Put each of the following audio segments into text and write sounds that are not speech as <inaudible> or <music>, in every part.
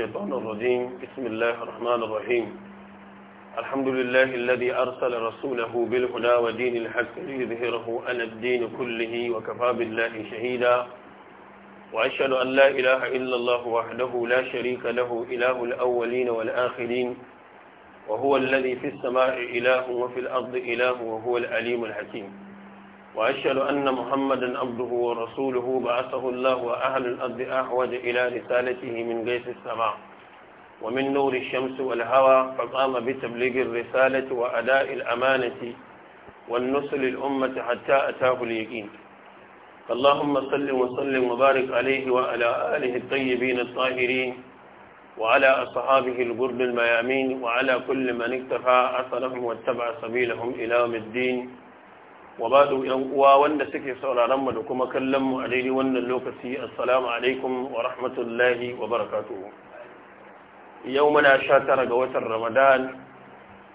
الشيطان الرجيم بسم الله الرحمن الرحيم الحمد لله الذي أرسل رسوله بالهدى ودين الحق ليظهره على الدين كله وكفى بالله شهيدا وأشهد أن لا إله إلا الله وحده لا شريك له إله الأولين والآخرين وهو الذي في السماء إله وفي الأرض إله وهو العليم الحكيم وأشهد أن محمدا عبده ورسوله بعثه الله وأهل الأرض أحوج إلى رسالته من جيش السماء ومن نور الشمس والهوى فقام بتبليغ الرسالة وأداء الأمانة والنصر للأمة حتى أتاه اليقين اللهم صل وسلم وبارك عليه وعلى آله الطيبين الطاهرين وعلى أصحابه الغرب الميامين وعلى كل من اكتفى أثرهم واتبع سبيلهم إلى يوم الدين wa ba ba'du yan uwa wanda suke sauraron mu da kuma kallon mu a daidai wannan lokaci assalamu alaikum wa rahmatullahi wa barakatuh yau muna 19 ga watan Ramadan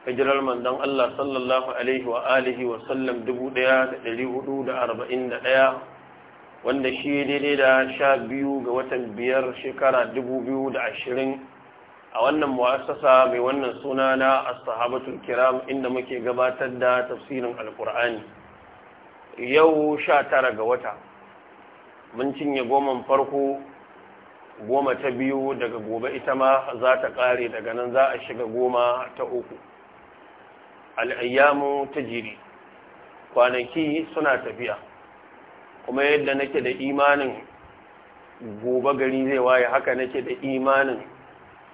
hijirar manzon Allah sallallahu alaihi wa alihi wa sallam 1441 wanda shi daidai da 12 ga watan biyar shekara 2020 a wannan mu'assasa mai wannan suna na as-sahabatul kiram inda muke gabatar da tafsirin Al-Qur'ani. yau sha tara ga wata mun cinye goman farko goma ta biyu daga gobe ita ma za ta ƙare daga nan za a shiga goma ta uku al'ayyamu ta jiri kwanaki suna tafiya kuma yadda nake da imanin gobe gari zai waye haka nake da imanin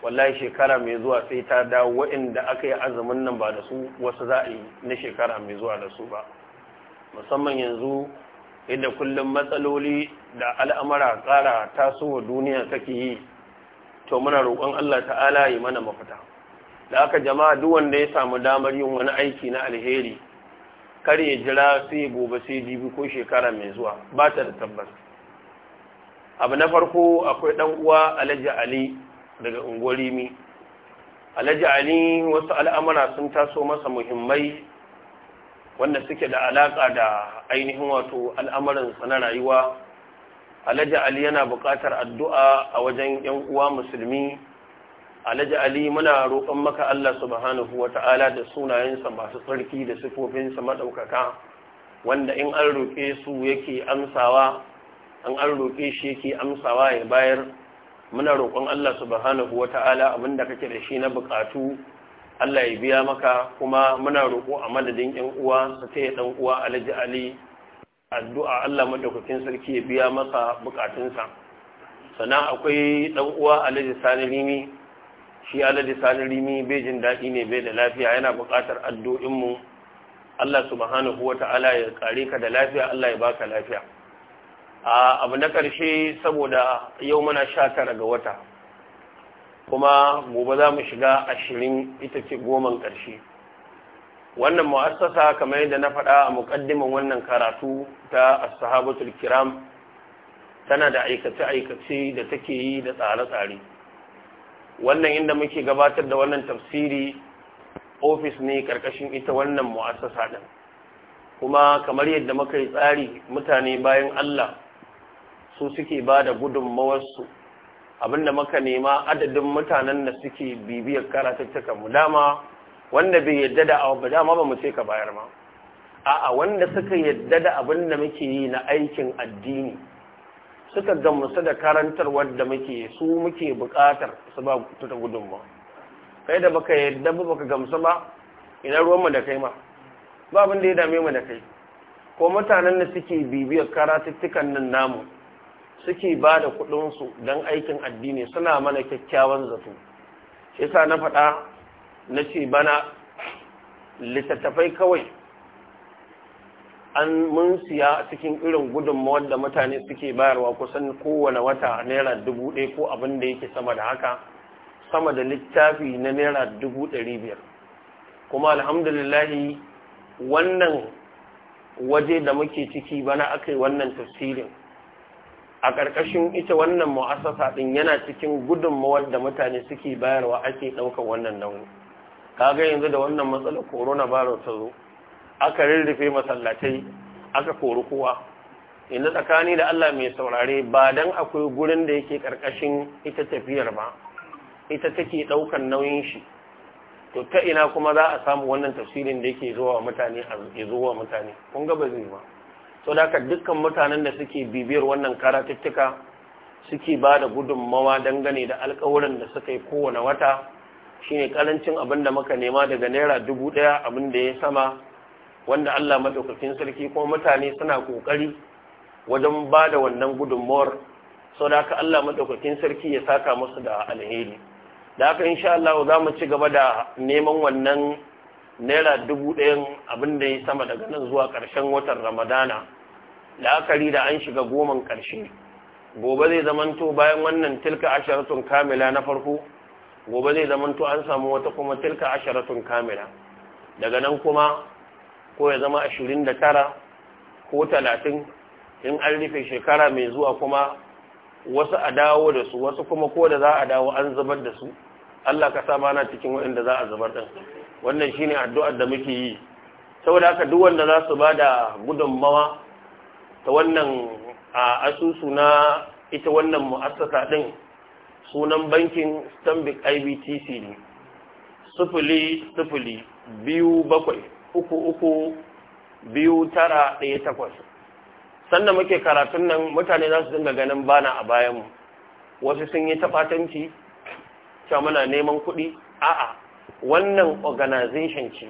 wallahi shekara mai zuwa sai ta dawo waɗanda aka yi azumin nan ba da su wasu za a yi na shekara mai zuwa da su ba musamman yanzu inda kullum matsaloli da al'amara ƙara tasowa duniya take yi to muna roƙon Allah ta'ala yi mana mafita da aka jama'a duk wanda ya samu damar yin wani aiki na alheri kar ya jira sai gobe sai jibi ko shekara mai zuwa ba ta da tabbas abu na farko akwai dan uwa Alhaji Ali daga Ungwarimi Alhaji Ali wasu al'amura sun taso masa muhimmai wanda suke da alaƙa da ainihin wato al'amuransa na rayuwa alhaji ali yana buƙatar addu'a a wajen ‘yan uwa musulmi alhaji ali muna roƙon maka Allah subhanahu wa da sunayensa masu tsarki da sifofinsa maɗaukaka wanda in an roƙe su yake amsawa an an roƙe shi yake amsawa ya bayar muna roƙon Allah subhanahu wa abinda kake da shi na buƙatu Allah ya biya maka kuma muna roƙo a madadin ƴan uwa su taya ɗan uwa Alhaji Ali addu'a Allah madaukakin sarki ya biya masa bukatunsa sannan akwai ɗan uwa Alhaji Sani Rimi shi Alhaji Sani Rimi bai jin daɗi ne bai da lafiya yana buƙatar addu'in mu Allah subhanahu ta’ala ya kare ka da lafiya Allah ya baka lafiya a abu na ƙarshe saboda yau muna sha tara ga wata kuma gobe za mu shiga ashirin ita ce goman ƙarshe wannan mu'assasa kamar yadda na faɗa a muƙaddimin wannan karatu ta ashabatul kiram tana da aikace-aikace da take yi da tsare-tsare wannan inda muke gabatar da wannan tafsiri ofis ne ƙarƙashin ita wannan mu'assasa ɗin kuma kamar yadda muka yi tsari mutane bayan Allah su suke ba da gudunmawarsu abinda muka nema adadin mutanen da suke bibiyar karatattakan mu dama wanda bai yadda da abu dama ba mu ce ka bayar ma a'a wanda suka yadda da abin da muke yi na aikin addini suka gamsu da karantarwar da muke su muke bukatar su ba ta gudunmu kai da baka yadda ba baka gamsu ba ina ruwanmu da kai ma ba abin da ya dame mu da kai ko mutanen da suke bibiyar karatattakan nan namu suke ba da kudinsu don aikin addini suna mana kyakkyawan zato shi sa na faɗa na ce bana littattafai kawai an mun siya cikin irin gudunmawar da mutane suke bayarwa kusan kowane wata naira dubu ɗaya ko abin da yake sama da haka sama da littafi na naira dubu ɗari biyar kuma alhamdulillahi wannan waje da muke ciki bana aka yi wannan tafsirin a ƙarƙashin ita wannan mu'assasa ɗin yana cikin gudunmawar da mutane suke bayarwa ake ɗaukar wannan nauyi kaga yanzu da wannan matsalar corona virus ta zo aka rirrife masallatai aka kori kowa Ina tsakani da Allah mai saurare ba dan akwai gurin da yake ƙarƙashin ita tafiyar ba ita take ɗaukar nauyin shi to ta ina kuma za a samu wannan tafsirin da yake zuwa mutane a zuwa mutane kun ga ba zai ba to da dukkan mutanen da suke bibiyar wannan karatuttuka suke ba da gudunmawa dangane da alkawuran da suka yi kowane wata shine karancin abin da muka nema daga naira dubu ɗaya abin da ya sama wanda allah maɗaukakin sarki kuma mutane suna kokari wajen ba da wannan gudunmawar sau da haka allah maɗaukakin sarki ya saka musu da alheri da haka insha Allah za mu ci gaba da neman wannan naira dubu ɗayan abin da ya sama daga nan zuwa ƙarshen watan ramadana la'akari da an shiga goman ƙarshe gobe zai zamanto bayan wannan tilka asharatun kamila na farko gobe zai zamanto an samu wata kuma tilka asharatun kamila daga nan kuma ko ya zama ashirin da tara ko talatin in an rufe shekara mai zuwa kuma wasu a dawo da su wasu kuma ko da za a dawo an zubar da su Allah ka sa mana cikin waɗanda za a zubar ɗin wannan shine addu'ar da muke yi saboda haka duk wanda za su da gudunmawa ta wannan a asusu na ita wannan mu'assasa din sunan bankin Stanbic IBTC ne sufuli sufuli biyu bakwai uku uku biyu tara ɗaya takwas sannan muke karatun nan mutane za su dinga ganin bana a bayanmu wasu sun yi tafatanci cewa muna neman kuɗi a'a wannan organization ce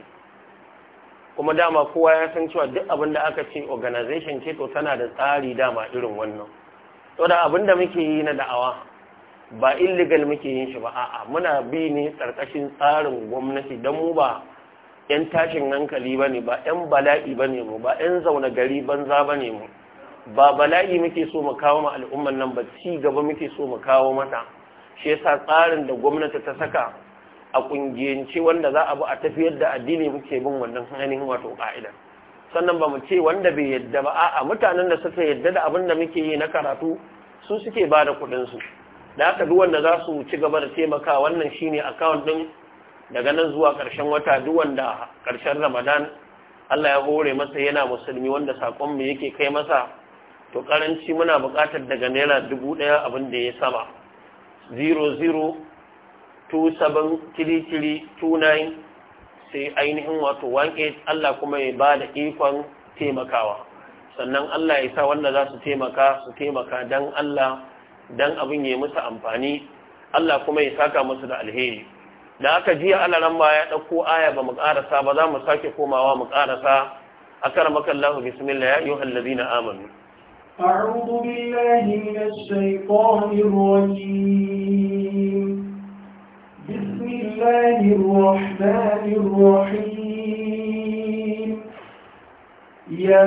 kuma dama kowa ya san cewa duk abin da aka ce organization ce to tana da tsari dama irin wannan to da abin da muke yi na da'awa ba illegal muke yin shi ba a'a muna bi ne tsarkashin tsarin gwamnati don mu ba 'yan tashin hankali ba ne ba 'yan bala'i ba ne mu ba 'yan zaune gari banza ba ne mu ba bala'i muke so mu kawo ma al'umman nan ba ci gaba muke so mu kawo mata shi yasa tsarin da gwamnati ta saka a ƙungiyance wanda za a bi a tafiyar da addini muke bin wannan ainihin wato ƙa'idar sannan ba mu ce wanda bai yadda ba a mutanen da suka yadda da abin da muke yi na karatu su suke ba da su da aka duk wanda za su ci gaba da taimaka wannan shine account din daga nan zuwa karshen wata duk wanda ƙarshen Ramadan Allah ya hore masa yana musulmi wanda sakon mu yake kai masa to karanci muna buƙatar daga naira 1000 abin da ya sama 00 273329 sai ainihin wato wanke Allah kuma ya ba da ikon taimakawa sannan Allah ya sa wanda za su taimaka su taimaka don Allah don abin ya musu amfani Allah kuma ya saka musu da alheri da aka jiya alaran ba ya ɗauko aya ba mu ƙarasa ba za mu sake komawa mu ƙarasa a karamakan lafi bismillah ya yi hallabi na amanu أعوذ بالله من الشيطان الرجيم الله الرحمن الرحيم يا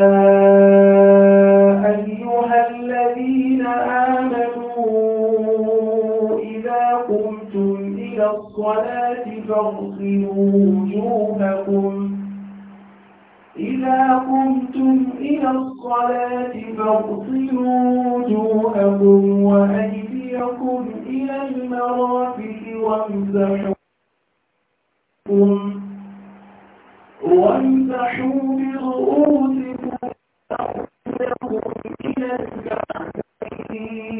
أيها الذين آمنوا إذا قمتم إلى الصلاة فاغسلوا وجوهكم إذا قمتم إلى الصلاة فاغسلوا وجوهكم وأيديكم إلى المرافق وامسحوا رؤوسكم وامسحوا برؤوسكم إلى الكعبين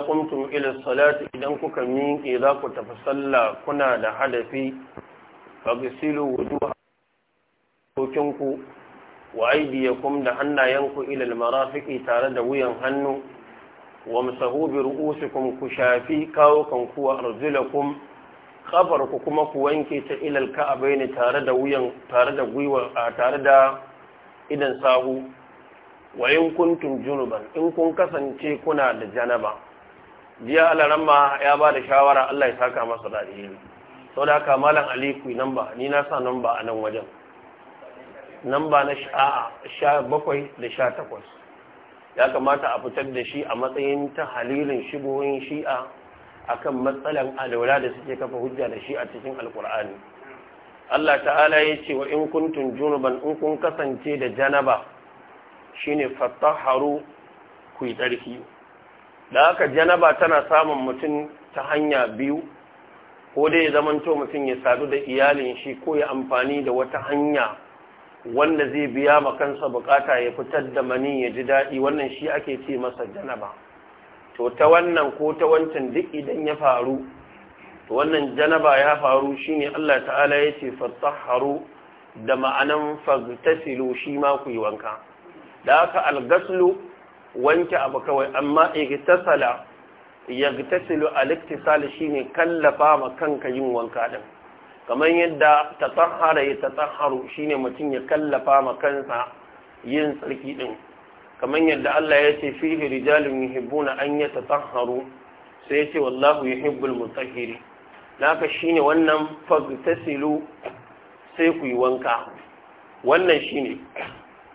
idza qumtum ila salati idan kuka miƙe za ku tafi sallah kuna da hadafi fagsilu wuduha kokinku wa ku da hannayenku ilil marafiki tare da wuyan hannu wa masahu bi ru'usikum ku shafi kawo kanku wa arjulakum kafarku kuma ku wanke ta ila alka'abaini tare da wuyan tare da gwiwa tare da idan sahu wa in kuntum junuban in kun kasance kuna da janaba jiya alaramma ya ba da shawara Allah ya saka masa da alheri sau da haka malam aliku namba ni na sa namba a nan wajen namba na sha bakwai da sha takwas ya kamata a fitar da shi a matsayin ta halilin shigoyin shi'a akan matsalan alaura da suke kafa hujja da shi a cikin alkur'ani Allah ta'ala ya ce wa in kuntun junuban in kun kasance da janaba shine fattaharu ku yi tsarki da haka janaba tana samun mutum ta hanya biyu ko dai ya zamanto mutum ya sadu da iyalin shi ko ya amfani da wata hanya wanda zai biya ma kansa bukata ya fitar da mani ya ji daɗi wannan shi ake ce masa janaba to ta wannan ko ta wancan duk idan ya faru to wannan janaba ya faru shine Allah ta'ala ya ce fasaharu da ma'anan fagtasilu shi ma ku yi wanka da aka algaslu wanke abu kawai amma igtasala yagtasilu al-iktisal shine kallafa ma kanka yin wanka din kamar yadda tatahhara ya tatahharu shine mutum ya kallafa ma kansa yin tsarki din kamar yadda Allah ya ce fihi rijalun yuhibbuna an yatatahharu sai ya ce wallahu yuhibbul mutahhiri naka shine wannan fagtasilu sai ku yi wanka wannan shine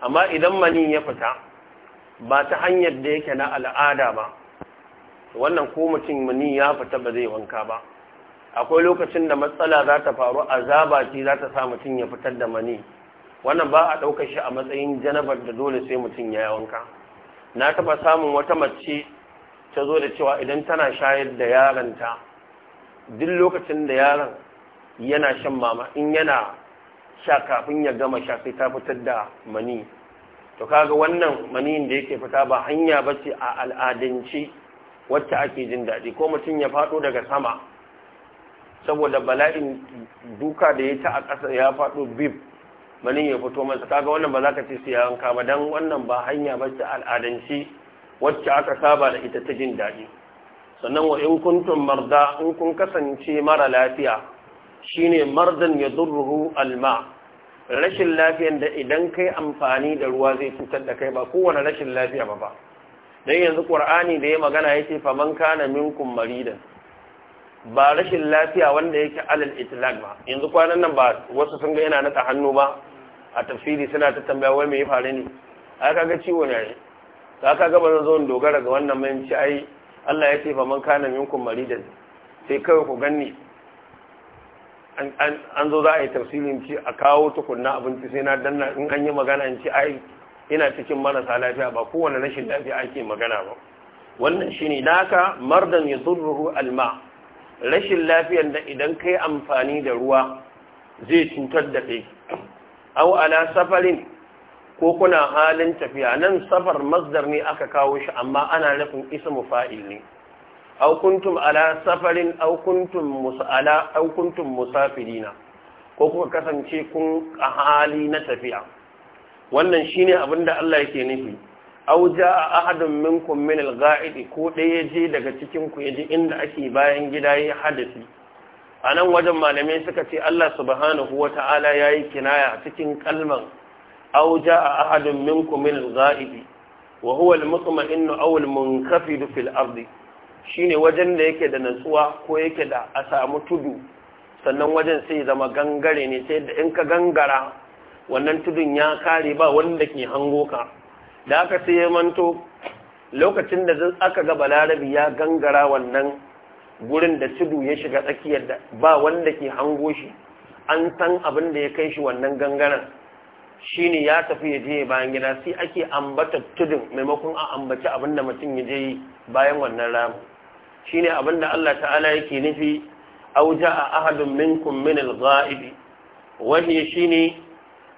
amma idan mani ya fita ba ta hanyar da yake na al'ada ba wannan ko mutum muni ya fita ba zai wanka ba akwai lokacin da matsala za ta faru azaba ce za ta sa mutum ya fitar da mani wannan ba a ɗaukar shi a matsayin janabar da dole sai mutum ya wanka na taɓa samun wata mace ta zo da cewa idan tana shayar da yaranta duk lokacin da yaron yana shan mama in yana sha kafin ya gama sha sai ta fitar da mani to kaga wannan maniyin da yake fita ba hanya ba ce a al'adance wacce ake jin daɗi ko mutum ya faɗo daga sama saboda bala'in duka da ya ta a ƙasa ya faɗo bib manin ya fito masa kaga wannan ba za ka ce siya wanka ba don wannan ba hanya ba ce al'adance wacce aka saba da ita ta jin daɗi sannan wa in kuntum marda in kun kasance mara lafiya shine mardan ya durruhu alma rashin lafiyan da idan kai amfani da ruwa zai cutar da kai ba kowane rashin lafiya ba ba don yanzu ƙur'ani da ya magana ya ce faman kana minkum maridan ba rashin lafiya wanda yake alal itlaq ba yanzu kwanan nan ba wasu sun ga yana nata hannu ba a tafsiri suna ta tambaya wai me ya faru ne ai kaga ciwo ne ka kaga ba zan zo dogara ga wannan mai ci ai Allah ya ce faman kana minkum maridan sai kawai ku ganni an zo za a yi tafsirin ci a kawo tukunna abinci sai na danna in an yi magana in ci ai ina cikin marasa lafiya ba kowane rashin lafiya ake magana ba wannan shi shine naka mardan yadurruhu alma rashin lafiyar da idan kai amfani da ruwa zai cutar da kai au ala safarin ko kuna halin tafiya nan safar masdar ne aka kawo shi amma ana nufin ismu fa'il ne aw kuntum ala safarin aw kuntum musala aw kuntum musafirina ko kuka kasance kun hali na tafiya wannan shine abin da Allah yake nufi aw jaa ahadun minkum min al ko daya je daga cikin ku yaje inda ake bayan gida yayi hadisi anan wajen malamai suka ce Allah subhanahu wata'ala yayi kinaya a cikin kalman aw jaa ahadun minkum min al-ga'id wa huwa al-mutma'innu aw al-munkafid fil ardi shine wajen da yake da natsuwa ko yake da a samu tudu sannan wajen sai zama gangare ne sai da in ka gangara wannan tudun ya kare ba wanda ke hango ka da aka sai ya manto lokacin da aka ga balarabi ya gangara wannan gurin da tudu ya shiga tsakiyar da ba wanda ke hango shi an san abin da ya kai shi wannan gangaren shine ya tafi ya je bayan gida sai ake ambata tudun maimakon a ambaci abin da mutum ya je bayan wannan ramu shi ne abinda Allah ta'ala yake nufi auja a ahadun minkum min alga'ibi wahyi shine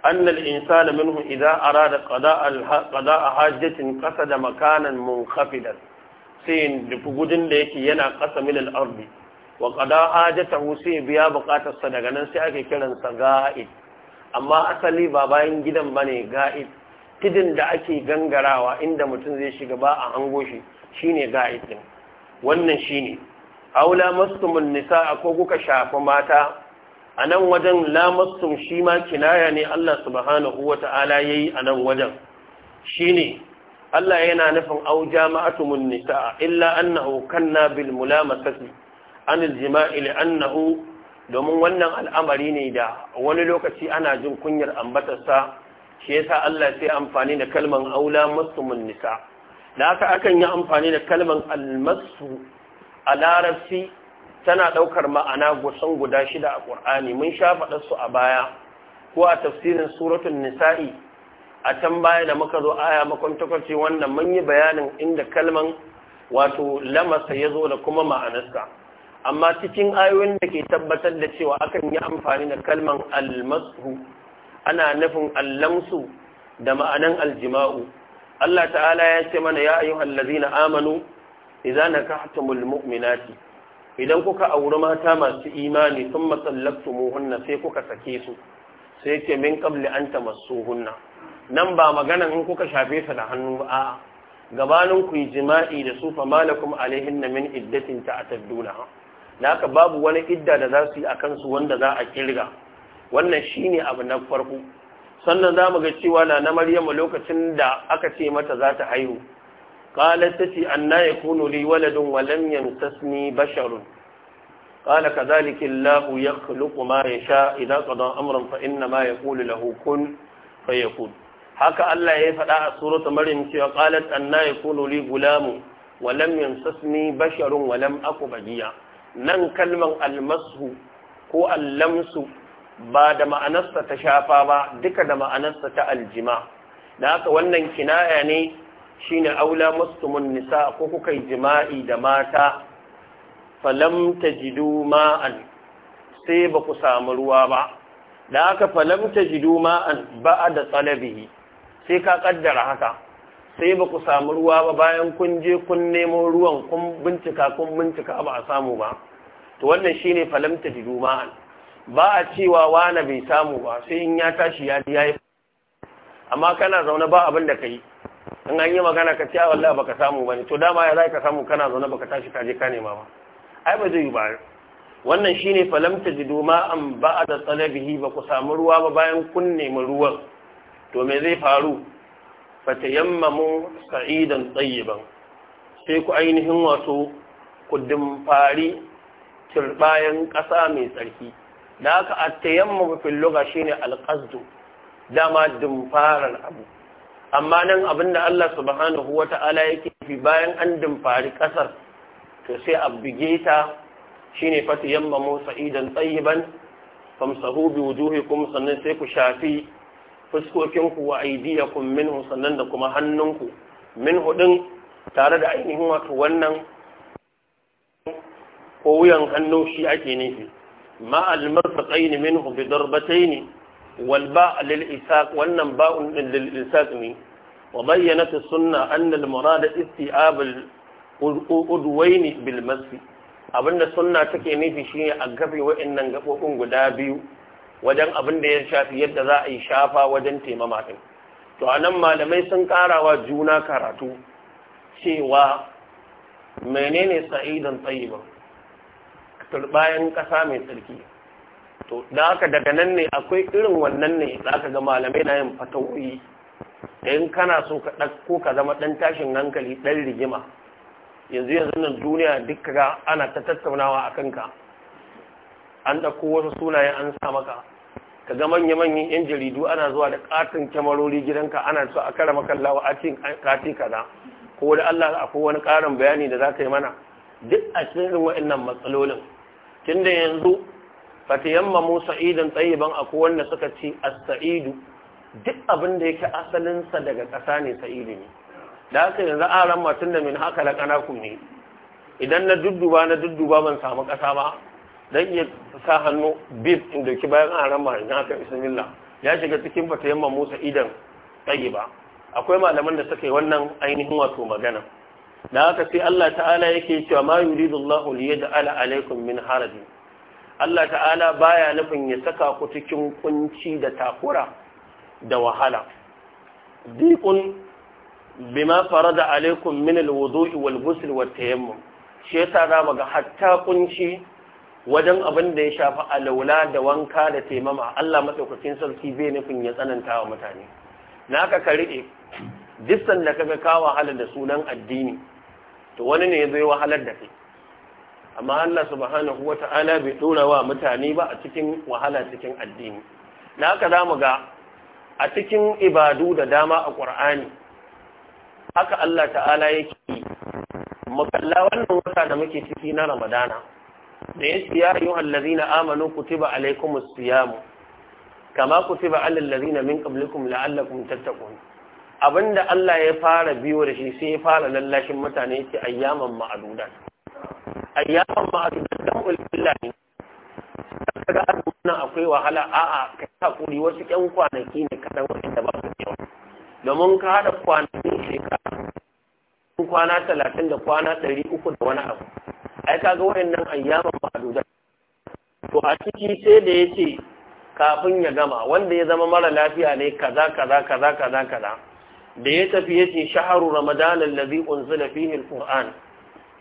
annal insana minhu idan arada qada'a qada'a hajjatin qasada makanan munkhafidan sayin dubu gudun da yake yana qasa min al-ardi wa qada'a hajatahu sai biya buƙatar sa daga nan sai ake kiran sa ga'id amma asali ba bayan gidan bane ga'id tidin da ake gangarawa inda mutum zai shiga ba a hango shi shine ga'id din wannan shi ne aula mastumin nisa ko kuka shafa mata a nan wajen lamastum shi ma kinaya ne Allah subhanahu wa ta'ala ya yi a nan wajen shi ne Allah yana nufin au jama'atumun nisa illa annahu kanna bil mulamasati an jima'i annahu domin wannan al'amari ne da wani lokaci ana jin kunyar ambatarsa shi yasa Allah sai amfani da kalman aula mastumin nisa da haka akan yi amfani da kalman almasu a larabci tana ɗaukar ma'ana gusan guda shida a ƙur'ani mun sha faɗar su a baya ko a tafsirin suratun nisa'i a can baya da muka zo aya makwantakwace wannan mun yi bayanin inda kalman wato lamasa ya zo da kuma ma'anarsa amma cikin ayoyin da ke tabbatar da cewa akan yi amfani da kalman almasu ana nufin allamsu da ma'anan aljima'u Allah ta'ala ya ce mana ya ayyuhal na amanu idza nakahtumul mu'minati idan kuka auri mata masu imani sun muhunna sai kuka sake su sai ce min qabli an tamassuhunna nan ba magana in kuka shafe su da hannu ba a'a gabanin ku yi jima'i da su fa malakum alaihinna min iddatin ta'tadduna Na haka babu wani idda da za su yi a kansu wanda za a kirga wannan shine abu na farko sannan za mu ga cewa na na maryamu lokacin da aka ce mata za ta haihu qalat tati anna yakunu li waladun wa lam yamsasni basharun qala kadhalika allahu yakhluqu ma yasha idza qada amran fa inna ma yaqulu lahu kun fayakun haka Allah ya faɗa a suratu maryam cewa qalat anna yakunu li gulamu wa lam basharun wa lam aku nan kalmar almasu ko allamsu ba da ma'anarsa ta shafa ba duka da ma'anarsa ta aljima da haka wannan kinaya ne shine aula mastumun nisa ko kuka yi jima'i da mata falam tajidu ma'an sai ba ku samu ruwa ba da haka falam tajidu ma'an ba'a da tsalabihi sai ka kaddara haka sai ba ku samu ruwa ba bayan kun je kun nemo ruwan kun bincika kun bincika ba a samu ba to wannan shine falam tajidu ma'an ba a cewa wane bai samu ba sai in ya tashi ya ji yi amma kana zaune ba abin da yi. in an yi magana ka ce ah, ba ka samu ba ne, to dama ya zai ka samu kana zaune ba ka tashi ka je ka nema ba ai ba zai yi ba wannan shine falamta jido, ma an ba ba'da talabihi ba ku samu ruwa ba bayan kun nemi ruwan to me zai faru fatayammamu sa'idan tayyiban sai ku ainihin wato ku dimfari turbayan ƙasa mai tsarki da haka at mu fi shine ne alƙazdu dama dimfarar abu amma nan abinda Allah subhanahu ta'ala yake fi bayan an dimfari kasar to sai a bige ta yamma fatayammamu sa'idan tsayiban famsahu bi kuma sannan sai ku shafi fuskokinku wa aydiyakum min sannan da kuma hannunku minhu din tare da ainihin wato wannan ko wuyan hannu shi ake nufi ma almarfaqain minhu bi darbatayn wal ba' lil isaq wannan ba'un lil isaq ne wa sunna as-sunnah anna al-murad isti'ab al-udwayn bil masfi abinda sunna take nufi shine a gafe wa'annan gabobin guda biyu wajen abinda ya shafi yadda za a yi shafa wajen taimama din to anan malamai sun wa juna karatu cewa menene sa'idan ba? turbayan kasa mai tsarki to da haka daga nan ne akwai irin wannan ne za ga malamai na yin fatawoyi da in kana so ka ɗauko ka zama ɗan tashin hankali ɗan rigima yanzu yanzu nan duniya duka ga ana ta tattaunawa a kanka an ɗauko wasu sunayen an sa maka ka ga manya-manyan 'yan jaridu ana zuwa da ƙatin kyamarori gidanka ana so a kara makallawa a cikin kati kaza ko da Allah akwai wani ƙarin bayani da za ka yi mana duk a cikin irin waɗannan matsalolin tunda yanzu fatiyamma musa idan tsayiban akwai wanda suka ce a saidu duk abin da yake asalinsa daga ƙasa ne sa'idu ne da aka yanzu a ranma tun da min haka da ƙanaku ne idan na dudduba na dudduba ban samu ƙasa ba don iya sa hannu bib in dauki bayan a ranma in haka bismillah ya shiga cikin fatiyamma musa idan tsayi ba akwai malaman da suka yi wannan ainihin wato magana da haka sai Allah ta'ala yake cewa ma yuridullahu ala alaikum min haraji Allah ta'ala baya nufin ya saka ku cikin kunci da takura da wahala dikun bima farada alaikum min alwudu'i wal ghusl shi za mu ga hatta kunci wajen abin da ya shafi alaula da wanka da taimama Allah madaukakin sarki bai nufin ya tsananta wa mutane naka ka rike dissan da kaga ka wahala da sunan addini to wani ne zai wahalar da kai amma Allah subhanahu wata'ala bai dora wa mutane ba a cikin wahala cikin addini Na haka zamu ga a cikin ibadu da dama a Qur'ani haka Allah ta'ala yake makalla wannan wata da muke ciki na Ramadana da yake ya ayyuhal ladina amanu kutiba alaikumus siyam kama kutiba alal ladina min qablikum la'allakum tattaqun abinda Allah ya fara biyo da shi sai ya fara lallashin mutane ce ayyaman ma'adudan ayyaman ma'adudan dan ulilla ne ga azumin akwai wahala a'a ka hakuri wasu ƴan kwanaki ne kada wani da ba su yawa domin ka hada kwanaki shekara kwana talatin da kwana ɗari uku da wani abu ai kaga wayannan ayyaman ma'adudan to a ciki sai da ya ce kafin ya gama wanda ya zama mara lafiya ne kaza kaza kaza kaza kaza da ya tafi yace shaharu ramadan allazi unzila fihi alquran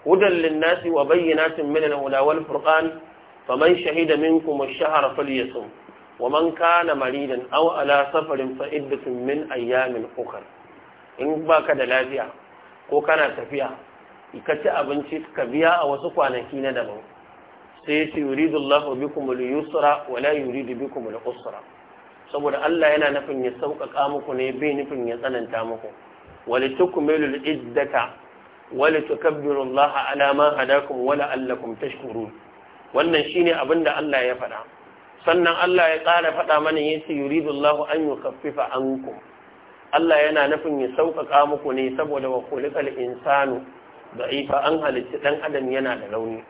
hudan linnasi wa bayyinatin min alhuda wal fa man shahida minkum ash-shahra falyasum ومن كان Maridan, an على safarin فعده min ayyamin اخر in baka da lafiya ko kana tafiya ka ci abinci ka biya a wasu kwanaki na daban sai yace yuridullahu bikum al-yusra wa la yuridu bikum al-usra saboda Allah yana nufin ya sauƙaƙa muku ne bai nufin ya tsananta muku wali tukmilul iddata wali tukabbiru ala ma hadakum wala allakum tashkurun wannan shine abin da Allah ya faɗa sannan Allah ya ƙara faɗa mana yace yuridu Allah an yukaffifa ankum Allah yana nufin ya sauƙaƙa muku ne saboda wa khuliqal insanu da'ifa an halitta dan adam yana da rauni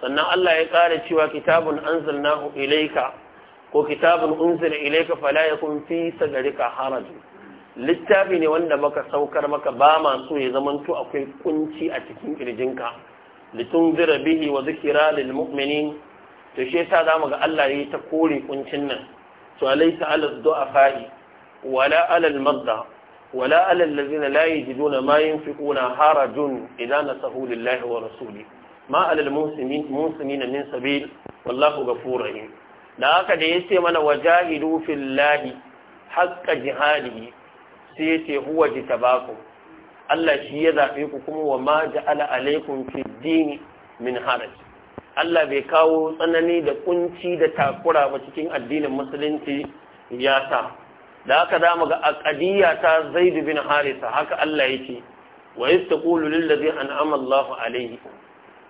sannan Allah ya ƙara cewa kitabun anzalnahu ilayka ko kitabun unzila ilayka fala yakun fi sadrika haraj littafi ne wanda maka saukar maka ba ma so ya zamanto akwai kunci a cikin kirjinka litunzira bihi wa zikra lil mu'minin to shi ta zamu ga Allah yayi ta kore kuncin nan to alaysa ala du'afa wala ala al madda wala ala allazina la yajiduna ma yunfiquna harajun idza nasahu lillahi wa rasuli ma ala al muslimin min sabil wallahu ghafurur rahim da haka da ya ce mana wa jahidu fillahi haqqa jihadihi sai ya ce huwa jitabakum Allah shi ya zafi ku kuma wa ma ja'ala alaikum fi dini min haraj Allah bai kawo tsanani da kunci da takura ba cikin addinin musulunci ya sa da haka za mu ga aqadiyya ta Zaid bin Harisa haka Allah yake wa yastaqulu lil an'ama Allahu Alayhi?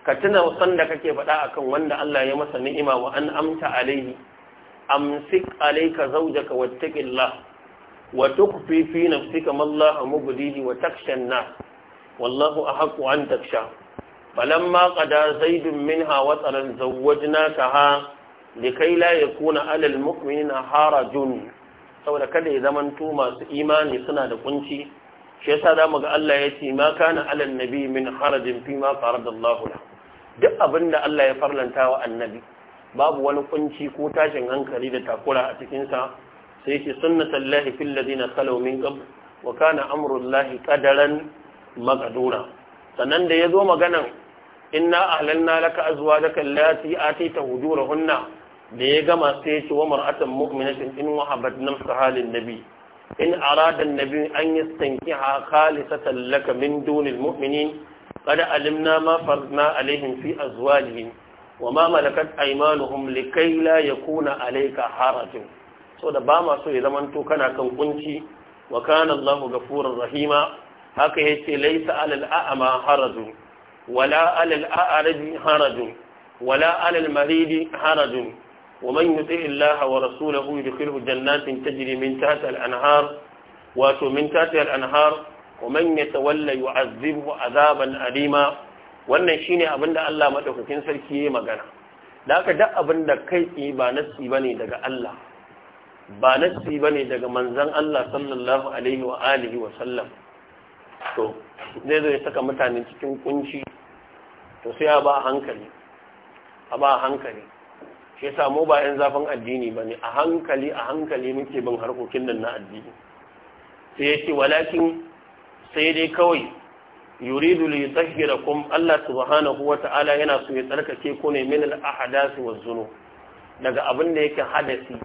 ka tuna sanda kake faɗa akan wanda Allah ya masa ni'ima wa an amta alaihi amsik alayka zawjaka wattaqillah wa tukhfi fi nafsika ma Allah mubdihi wa taksha an-nas wallahu ahqqu an taksha falamma qada zaidun minha wataran ha- likai la yakuna alal mu'minina harajun saboda kada ya zamanto masu imani suna da kunci shi yasa zamu ga Allah ya ce ma kana alal nabi min harajin fi ma farada Allahu lahu duk abin da Allah ya farlanta wa annabi babu wani kunci ko tashin hankali da takura a cikinsa sai ce sunnatan lahi fil ladina min qabl wa kana amrullahi -kadaran qadaran maqdura sannan da yazo maganan inna ahlalna laka azwajaka allati atayta hujurahunna da ya gama sai ce wa mar'atan mu'minatin in wahabat nafsaha lin nabi in arada an-nabi an yastankiha khalisatan laka min dunil mu'minin قد علمنا ما فرضنا عليهم في أزواجهم وما ملكت أيمانهم لكي لا يكون عليك حرج سوى باما سوى إذا من توكنا كان قنشي وكان الله غفورا رحيما هكذا ليس على الأعمى حرج ولا على الأعرج حرج ولا على المريض حرج ومن يطع الله ورسوله يدخله جنات تجري من تحت الأنهار ومن تحتها الأنهار wa man yatawalla yu'azzibu azaban alima wannan shine abinda Allah madaukakin sarki yayi magana da aka duk abinda kai tsi ba nasi bane daga Allah ba nasi bane daga manzon Allah sallallahu alaihi wa alihi wa sallam to zai zo ya saka mutane cikin kunci to sai a ba hankali a ba hankali shi yasa mu ba yan zafin addini bane a hankali a hankali muke bin harkokin nan na addini sai yace walakin sai dai kawai yuridu li yutahhirakum Allah subhanahu ta'ala yana so ya tsarkake ku ne min al ahdasi waz zunub daga abin da yake hadasi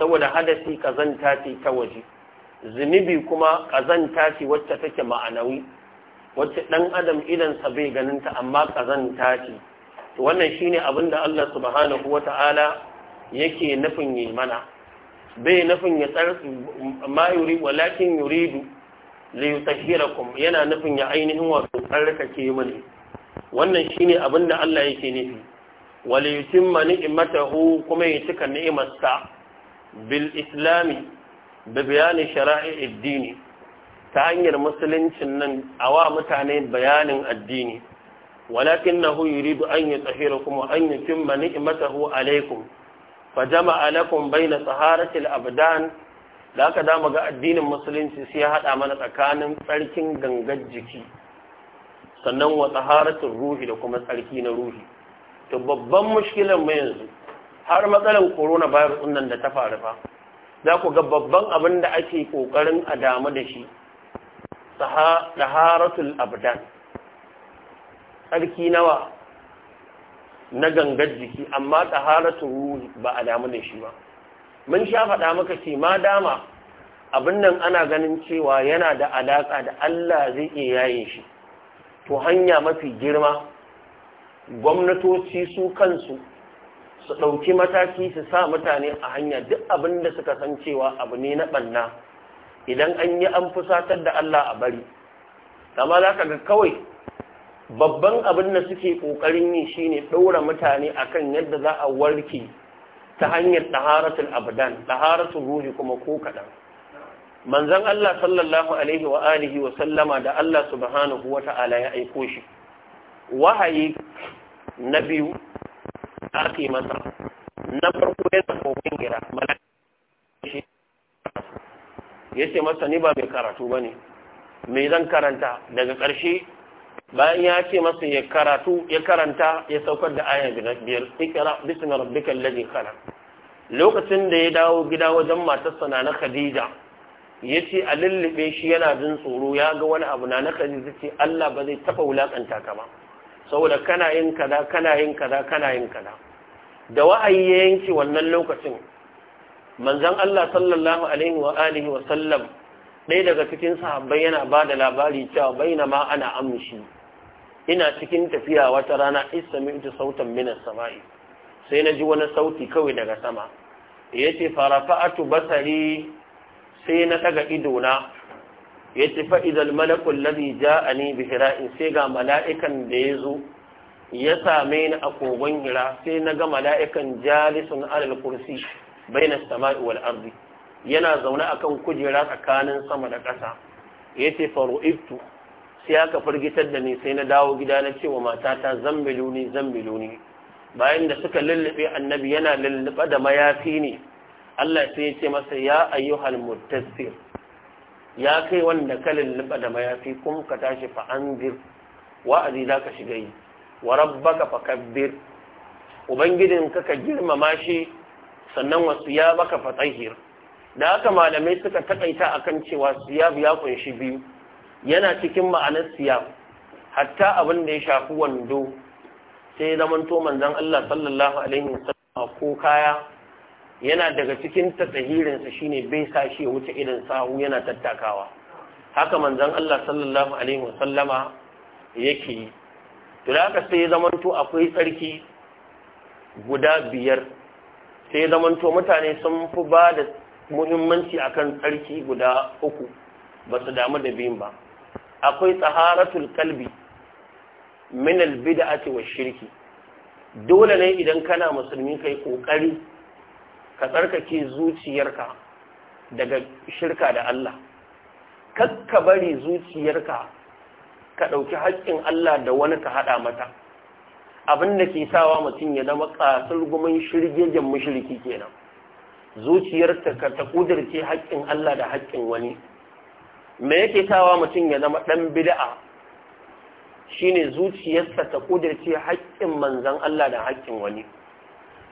saboda hadasi kazanta ce ta waje zunubi kuma kazanta ce wacce take ma'anawi wacce dan adam idan sa bai ganin ta amma kazanta ce to wannan shine abin da Allah subhanahu wata'ala yake nufin yi mana bai nufin ya tsar ma yuri walakin yuridu liyutahhirakum yana nufin ya ainihin wato tsarkake mu wannan shine abin da Allah yake nufi wali yutimma ni'matahu kuma ya cika ni'imarsa bil islami bi bayani shara'i addini ta hanyar musuluncin nan a wa mutane bayanin addini ولكنه يريد أن يطهركم وأن يتم نعمته عليكم فجمع لكم بين طهارة الأبدان da aka dama ga addinin musulunci sai ya haɗa mana tsakanin tsarkin gangar jiki sannan wa tsaharatun ruhi da kuma tsarki na ruhi to babban mushkilar mu yanzu har matsalar corona virus nan da ta faru fa za ku ga babban abin da ake kokarin a damu da shi taharatul abdan tsarki nawa na gangar jiki amma tsaharatul ruhi ba a damu da shi ba mun sha faɗa maka ce ma dama abin nan ana ganin cewa yana da alaƙa da Allah zai iya yayin shi to hanya mafi girma gwamnatoci su kansu su ɗauki mataki su sa mutane a hanya duk abin da suka san cewa abu ne na ɓanna idan an yi an fusatar da Allah a bari amma za ka ga kawai babban abin da suke ƙoƙarin yi shine ɗora mutane akan yadda za a warke ta hanyar ɗaharatul abdan ɗaharatul ruhi kuma ko kaɗan manzon Allah sallallahu alaihi wa alihi wa sallama da Allah subhanahu wa ta'ala ya aiko shi wahayi na biyu ake masa na farko yana kokon gira malaka ya ce masa ni ba mai karatu ba ne mai zan karanta daga ƙarshe bayan ya ce masa ya karatu ya karanta ya saukar da aya biyar ikra bismi rabbika ladhi khalaq lokacin da ya dawo gida wajen matarsa na na Khadija ya ce a lullube shi yana jin tsoro ya ga wani abu na na Khadija ce Allah ba zai taba wulakanta ka ba saboda kana yin kaza kana yin kaza kana yin kaza da wa'ayi ya yanke wannan lokacin manzon Allah sallallahu alaihi wa alihi wa sallam ɗaya daga cikin sahabbai yana ba da labari cewa baina ma ana amshi ina cikin tafiya wata rana istami'tu sautan min samai sai na ji wani sauti kawai daga sama yace farafa'atu basari sai na daga ido na yace fa idal malaku a ja'ani bi hira'in sai ga mala'ikan da ya zo. ya same ni a kogon hira sai na ga mala'ikan jalisun alal kursi bainas sama'i wal ardi yana zaune akan kujera tsakanin sama da ƙasa ya ce faru'iftu sai aka firgitar da ni sai na dawo gida na cewa matata zambilu ne zambilu ne bayan da suka lullube annabi yana lullube da mayafi ne Allah sai ya ce masa ya ayyuhal mutassir ya kai wanda ka lullube da mayafi kuma ka tashi fa anzir wa'azi za ka shiga yi wa rabbaka fakabbir Ubangidin ka ka girmama shi sannan wasu ya baka fatahir da haka malamai suka takaita kan cewa siyab ya kunshi biyu yana cikin ma'anar siyab hatta abin da ya shafi wando sai zamanto manzon Allah sallallahu alaihi wasallam ko kaya yana daga cikin tatsahirinsa sa shine bai sa shi ya wuce irin sahu yana tattakawa haka manzon Allah sallallahu alaihi wasallama yake to da haka sai to akwai tsarki guda biyar sai to mutane sun fi ba da muhimmanci akan tsarki guda uku ba su damu da biyun ba akwai tsaharatul kalbi min albid'ati wa shirki dole ne idan kana musulmi kai kokari ka tsarkake zuciyarka daga shirka da Allah kakka bari zuciyarka ka ɗauki haƙƙin Allah da wani ka haɗa mata abin da ke sawa mutum ya zama ƙasar gumin shirgejen mashirki kenan zuciyarta ka ta kudirce haƙƙin Allah da haƙƙin wani me yake sawa mutum ya zama ɗan bid'a shine zuciyarsa ta kudirce haƙƙin manzon Allah da haƙƙin wani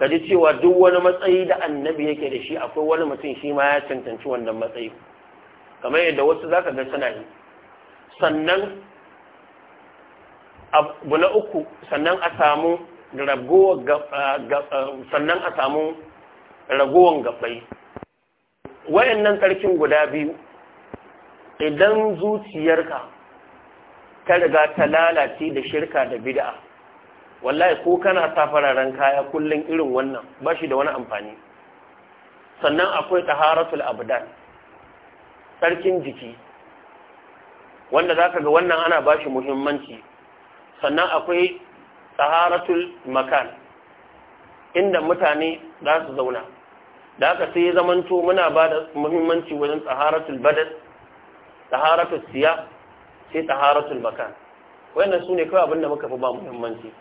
kaji cewa duk wani matsayi da annabi yake da shi akwai wani mutum shi ma ya cancanci wannan matsayi kamar yadda wasu zaka ga suna yi sannan abu na uku sannan a samu sannan a samu ragowan gabai wayannan tsarkin guda biyu idan zuciyarka ta riga ta lalace da shirka da bid'a wallahi ko kana sa fararen kaya kullun irin wannan ba shi da wani amfani sannan akwai taharatul abdan tsarkin jiki wanda zaka ga wannan ana bashi muhimmanci sannan akwai taharatul makan inda mutane za su zauna da aka sai zamanto muna ba da muhimmanci wajen taharatul badal taharatul siya sai taharatul makan wayannan sune kawai abin da muka fi ba muhimmanci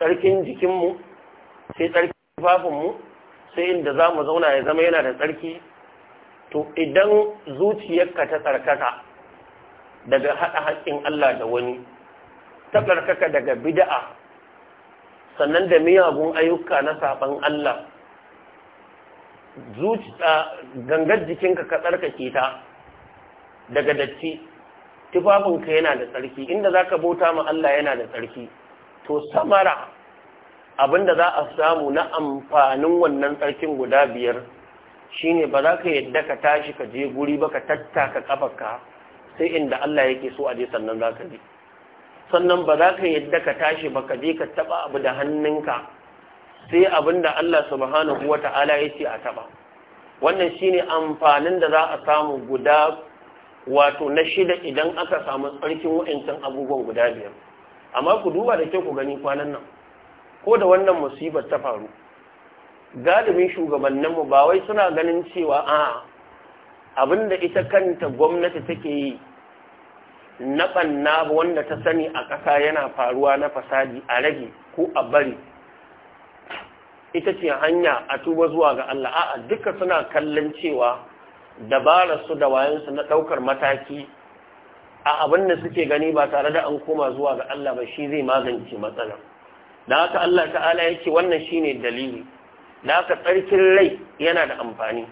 tsarkin jikinmu sai tsarkin tufafinmu sai inda za mu zauna ya zama yana da tsarki to idan zuciyarka ta tsarkaka daga haɗa haƙƙin Allah da wani ta tsarkaka daga bida'a sannan da miyagun ayyuka na saɓan Allah gangar jikinka ka tsarkake ta daga datti tufafinka yana da tsarki inda za ka bauta ma Allah yana da tsarki to samara abinda za a samu na amfanin wannan tsarkin guda biyar shine ba za ka yadda ka tashi ka je guri ba ka tattaka kafarka sai inda Allah yake so a je sannan za ka je sannan ba za ka yadda ka tashi ba ka je ka taba abu da hannunka sai abinda Allah subhanahu wa ta'ala ya ce a taba wannan shine amfanin da za a samu guda wato na shida idan aka samu tsarkin wa'ancan abubuwan guda biyar amma ku duba da kyau ku gani kwanan nan ko da wannan musibar ta faru galibin shugabanninmu ba wai suna ganin cewa a da ita kanta gwamnati take yi na ɓanna wanda ta sani a ƙasa yana faruwa na fasadi a rage ko a bari ita ce hanya a tuba zuwa ga Allah a'a duka suna kallon cewa dabara su da wayansu na ɗaukar mataki a abin da suke gani ba tare da an koma zuwa ga Allah ba shi zai magance matsalar. da haka Allah ta'ala ya ce wannan shine dalili da haka tsarkin rai yana da amfani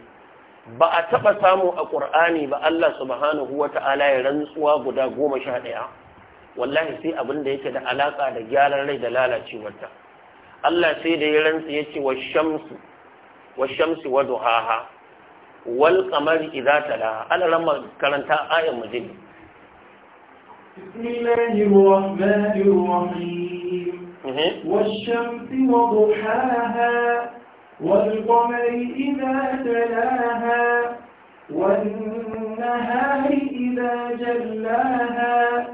ba a taɓa samu a ƙur'ani ba Allah subhanahu wa ta'ala ya rantsuwa guda goma sha ɗaya wallahi sai abin da yake da alaƙa da gyaran rai da lalacewarta Allah sai da ya rantsa ya ce wa shamsu wa duhaha wal qamari idza tala ala ramma karanta ayan mujin bismillahir rahmanir rahim والشمس وضحاها والقمر إذا تلاها والنهار إذا جلاها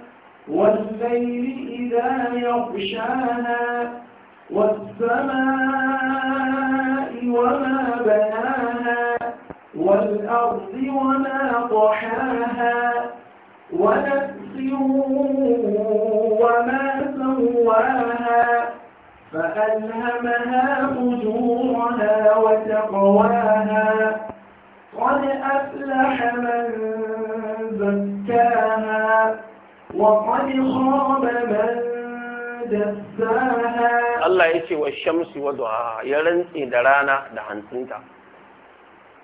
والليل إذا يغشاها والسماء وما بناها والأرض وما طحاها ونفس وما سواها فألهمها فجورها وتقواها قد أفلح من زكاها وقد خاب من Allah ya ce wa shamsi wa du'a ya rantse da rana da hantsinta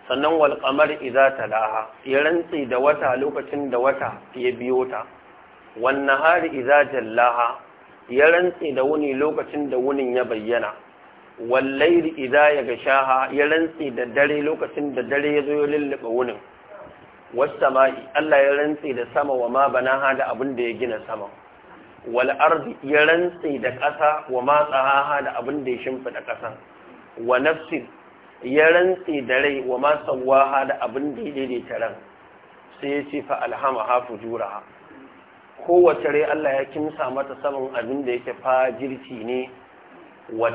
sannan wal qamar idza talaha ya rantse da wata lokacin da wata ya biyo ta wan nahari idza jallaha ya rantse da wuni lokacin da wunin ya bayyana wal layli idza yaghshaha ya rantse da dare lokacin da dare ya zo ya lullube wunin was sama'i Allah ya rantse da sama wa ma banaha da abin da ya gina sama wal ardi ya rantse da ƙasa wa ma tsahaha da abin da ya shimfida ƙasa wa nafsin ya rantse da rai wa ma da abin da ya daidaita ran sai ya ce fa alhamaha fujuraha kowace rai Allah ya kimsa mata saman abin da yake fajirci ne wa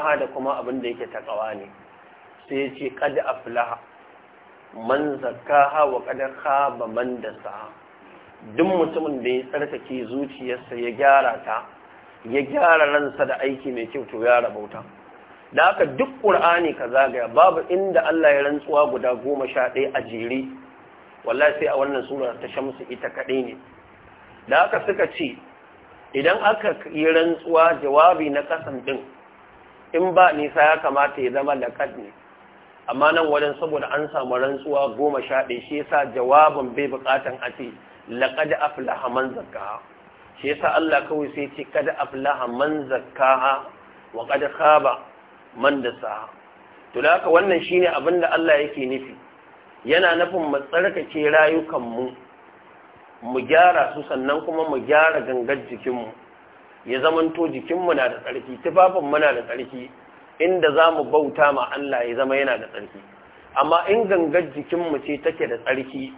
ha da kuma abin da yake taƙawa ne sai ya ce qad aflaha man zakkaha wa qad khaba man dasaha duk mutumin da ya tsarkake zuciyarsa ya gyara ta ya gyara ransa da aiki mai kyau to ya rabauta da haka duk ƙur'ani ka zagaya babu inda Allah ya rantsuwa guda goma sha ɗaya a jere wallahi sai a wannan sura ta shamsu ita kaɗai ne da haka suka ce idan aka yi rantsuwa jawabi na kasan ɗin in ba nisa ya kamata ya zama laƙad ne amma nan wajen saboda an samu rantsuwa goma sha ɗaya shi yasa jawabin bai buƙatan a ce laqad aflaha man zakkaha shi yasa Allah kawai sai ce kad aflaha man zakkaha wa qad khaba man dasaha to da wannan shine abin da Allah yake nufi yana nufin mu tsarkake rayukan mu mu gyara su sannan kuma mu gyara gangar jikinmu ya zamanto jikinmu na da tsarki tufafinmu na da tsarki inda za mu bauta ma Allah ya zama yana da tsarki amma in gangar jikin mu ce take da tsarki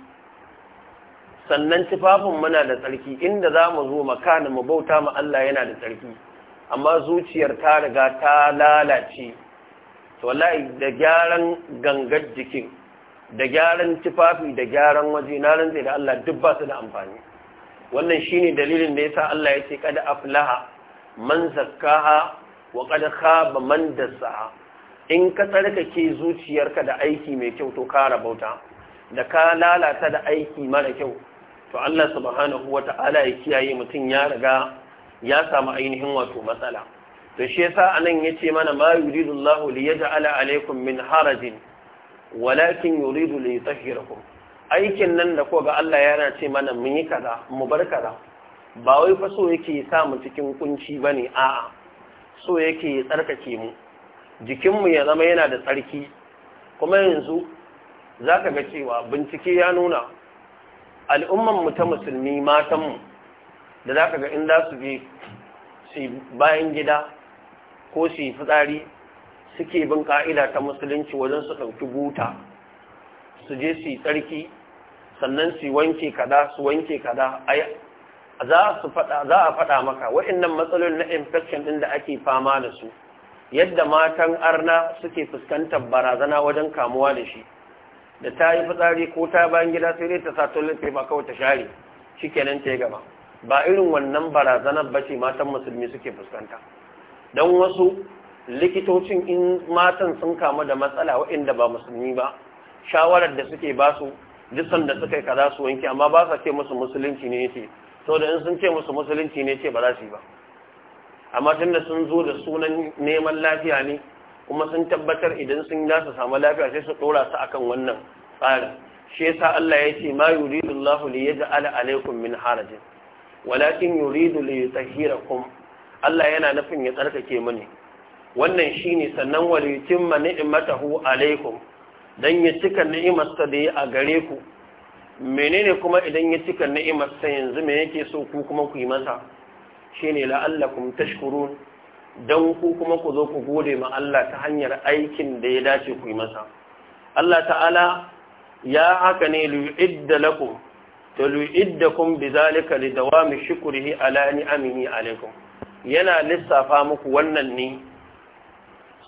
sannan tufafin muna da tsarki inda za mu zo makana mu bauta ma Allah yana da tsarki amma zuciyar ta riga ta lalace to wallahi da gyaran gangar jikin da gyaran tufafi da gyaran waje na rantse da Allah duk ba su da amfani wannan shine dalilin da yasa Allah ya ce kada aflaha man zakkaha wa qad khaba man dassaha in ka tsarkake zuciyarka da aiki mai kyau to ka rabauta da ka lalata da aiki mara kyau to Allah subhanahu wa ta'ala ya kiyaye mutum ya riga ya samu ainihin wato matsala to shi yasa anan yace mana ma yuridu Allah li yaj'ala alaykum min harajin walakin yuridu li yutahhirakum aikin nan da koga Allah yana ce mana mun yi kaza mu bar kaza ba wai fa so yake sa mu cikin kunci bane a'a so yake ya tsarkake mu jikin mu ya zama yana da tsarki kuma yanzu zaka ga cewa bincike ya nuna al'umman mu ta musulmi matan mu da ka ga in za su je su bayan gida ko su yi fitsari suke bin ka'ida ta musulunci wajen su ɗauki buta su je su yi tsarki sannan su wanke kada su wanke kada za a faɗa maka waɗannan matsalolin na infection ɗin da ake fama da su yadda matan arna suke fuskantar barazana wajen kamuwa da shi da ta yi fitsari ko ta bayan gida sai dai ta sa toilet ba kawai ta share shikenan ta yi gaba ba irin wannan barazanar ba ce matan musulmi suke fuskanta don wasu likitocin in matan sun kamu da matsala waɗanda ba musulmi ba shawarar da suke ba su dusan da suka yi kaza su wanke amma ba sa ce musu musulunci ne ce to da in sun ce musu musulunci ne ce ba za su yi ba amma tun da sun zo da sunan neman lafiya ne kuma sun tabbatar idan sun za su samu lafiya sai su ɗora su akan wannan tsarin shi yasa Allah ya ce ma yuridu Allah li yaj'ala alaykum min harajin walakin yuridu li yutahhirakum Allah yana nufin ya tsarkake mu ne wannan shine sannan wal yutimma ni'matahu alaykum dan ya cika sa da ya a gare ku menene kuma idan ya cika ni'imar sa yanzu me yake so ku kuma ku yi masa shine la'allakum tashkurun don ku kuma ku zo ku gode ma Allah ta hanyar aikin da ya dace ku yi masa Allah ta'ala ya haka ne lu'idda lakum da lu'iddakum bi zalika li dawami shukrihi ala ni'amihi alaikum yana lissafa muku wannan ne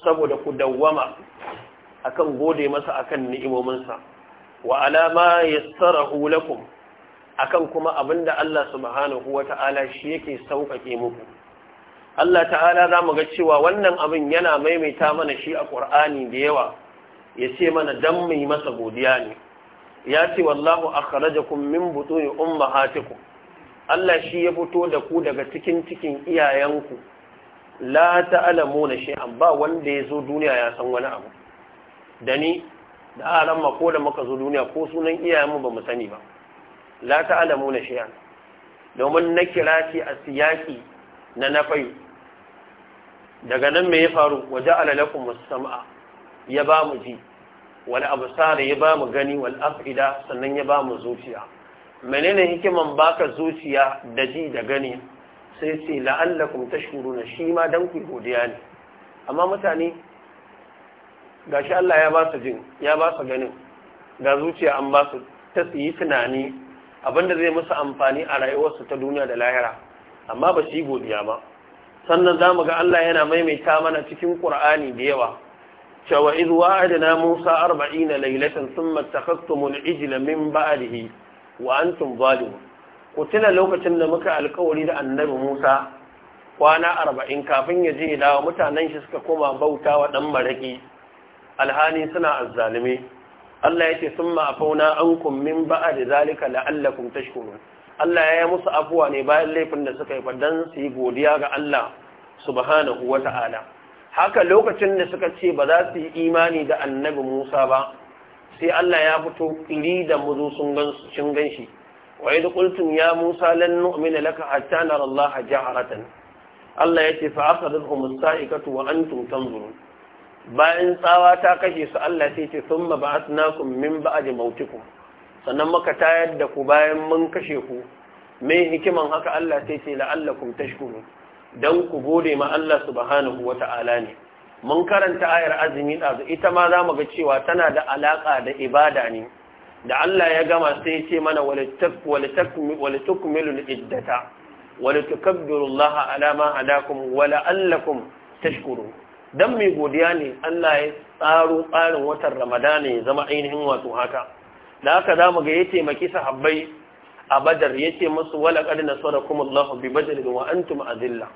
saboda ku dawwama akan gode masa akan ni'imominsa wa alama yassarahu lakum akan kuma abinda Allah subhanahu wata'ala shi yake sauƙaƙe muku Allah ta'ala za mu ga cewa wannan abin yana maimaita mana shi a ƙur'ani da yawa ya ce mana dan mu yi masa godiya ne ya ce wallahu akhrajakum min butuni ummahatikum Allah shi ya fito da ku daga cikin cikin iyayenku la ta'lamuna shay'an ba wanda ya zo duniya ya san wani abu da ni da aran ma ko da muka zo duniya ko sunan iyayenmu ba mu sani ba la ta'lamuna shay'an domin na kira ki a siyaki na nafai daga nan me ya faru waje alalakun musamman ya ba mu ji wal absar ya ba mu gani wal afida sannan ya ba mu zuciya menene hikiman baka zuciya da ji da gani sai sai la'allakum tashkuruna shi ma dan ku godiya ne amma mutane gashi Allah ya ba su jin ya ba su ganin ga zuciya an ba su ta yi tunani abinda zai musu amfani a rayuwarsu ta duniya da lahira amma ba su yi godiya ba sannan za mu ga Allah yana maimaita mana cikin ƙur'ani da yawa cewa idh na Musa 40 laylatan sun takhastumul ijla min ba'dihi wa antum zalimun ku tuna lokacin da muka alkawari da annabi Musa kwana arba'in kafin ya je dawa mutanen shi suka koma bauta wa dan maraki alhali suna azzalumi. Allah yake summa afauna ankum min da zalika la'allakum tashkurun Allah ya yi musu abuwa ne bayan laifin da suka yi fadan su yi godiya ga Allah subhanahu wa ta'ala haka lokacin da suka ce ba za su yi imani da annabi Musa ba sai Allah ya fito iri da muzu sun gansu cin ganshi Wai da qultum ya Musa lan nu'mina laka hatta nara Allah jaharatan Allah ya ce fa akhadhahum as ikatu, wa antum tanzurun bayan tsawa ta kashe su Allah sai ce thumma ba'athnakum min a mautikum sannan maka tayar da ku bayan mun kashe ku mai hikiman haka Allah sai ce la'allakum tashkuru dan ku gode ma Allah subhanahu wata'ala ne mun karanta ayar azumi ɗazu ita ma za mu ga cewa tana da alaƙa da ibada ne da Allah ya gama sai ce mana walitukmilul iddata walitukabbirullaha ala ma hadakum la'allakum tashkuru dan mai godiya ne Allah ya tsaro tsarin watan Ramadana ya zama ainihin wato haka da aka za mu ga ya taimaki sahabbai a badar ya ce musu wala ƙari na sauran kuma Allah bi badar wa an tuma azilla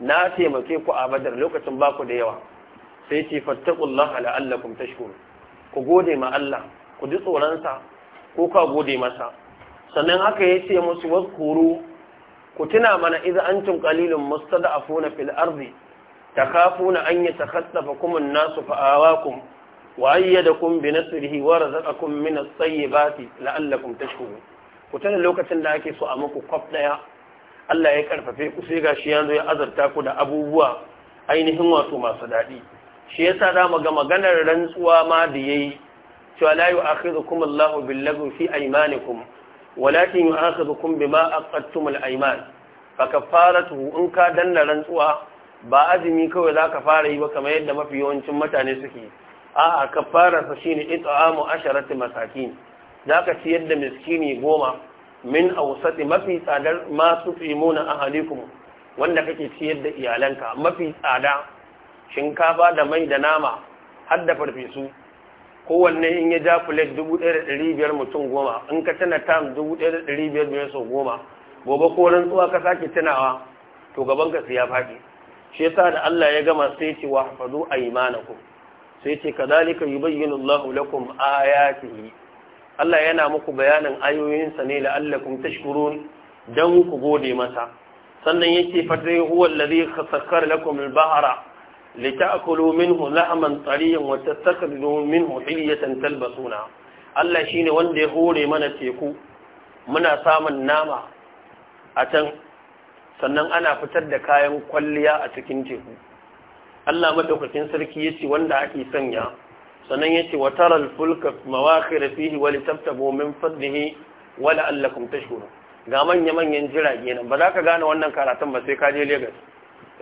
na taimake ku a badar lokacin baku da yawa sai ce fattakullah la'allakum tashkur ku gode ma Allah ku ji tsoronsa ko ka gode masa sannan haka ya ce musu waskuru ku tuna mana idza antum qalilun mustada'afuna fil ardi takafuna an yatakhattafakum an-nasu fa'awakum وأيدكم بنصره ورزقكم من الطيبات لعلكم تشكرون وتنا لوكتن دا ake so a muku kwaf daya Allah ya karfafe ku sai gashi yanzu ya azarta ku da abubuwa ainihin wato masu dadi shi yasa da mu ga maganar rantsuwa ma da yayi cewa la yu'akhidhukum Allahu bil lagwi fi aymanikum walakin yu'akhidhukum bima aqadtum al ayman fa kafaratuhu in ka danna rantsuwa ba azumi kawai zaka fara yi ba kamar yadda mafi yawancin mutane suke yi a'a kafararsa shine it'amu asharati masakin zaka ciyar da miskini goma min awsati mafi tsadar ma tufimuna ahalikum wanda kake ciyar da iyalanka mafi tsada shinkafa da mai da nama har da farfesu kowanne in ya ja plate 1500 mutum goma in ka tana tam 1500 sau goma gobe ko rantsuwa ka sake tunawa to gaban ka ya faɗi shi yasa da Allah ya gama sai ce wa hafazu aymanakum sai ce kadhalika yubayyinu Allahu lakum ayatihi Allah yana muku bayanin ayoyinsa ne la'allakum tashkurun dan ku gode masa sannan yake fatai huwa alladhi khasakkara lakum al-bahra lita'kulu minhu lahman tariyan wa tastakhruju minhu hiliyatan talbasuna Allah shine wanda ya hore mana teku muna samun nama a can sannan ana fitar da kayan kwalliya a cikin teku Allah madaukakin sarki yace wanda ake sanya sannan yace wa taral fulka mawakhir fihi wa litabtabu min fadlihi wa la'allakum tashkurun ga manya manyan jirage nan ba za ka gane wannan karatun ba sai ka je Lagos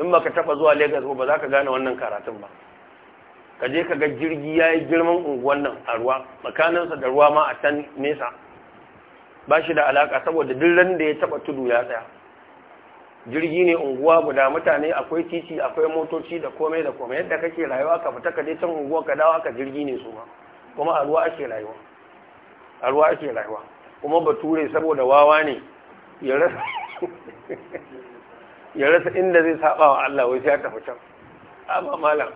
in ka taba zuwa Lagos ba za ka gane wannan karatun ba ka je ka ga jirgi yayi girman unguwan nan a ruwa tsakaninsa da ruwa ma a can nesa ba shi da alaka saboda duk ran da ya taɓa tudu ya tsaya jirgi ne unguwa guda mutane akwai titi akwai motoci da komai da komai yadda kake rayuwa ka fita ka je can unguwa ka dawo ka jirgi ne su ma kuma a ruwa ake rayuwa a ruwa ake rayuwa kuma bature saboda wawa ne ya rasa <laughs> inda zai saba wa Allah wai ya tafi can amma malam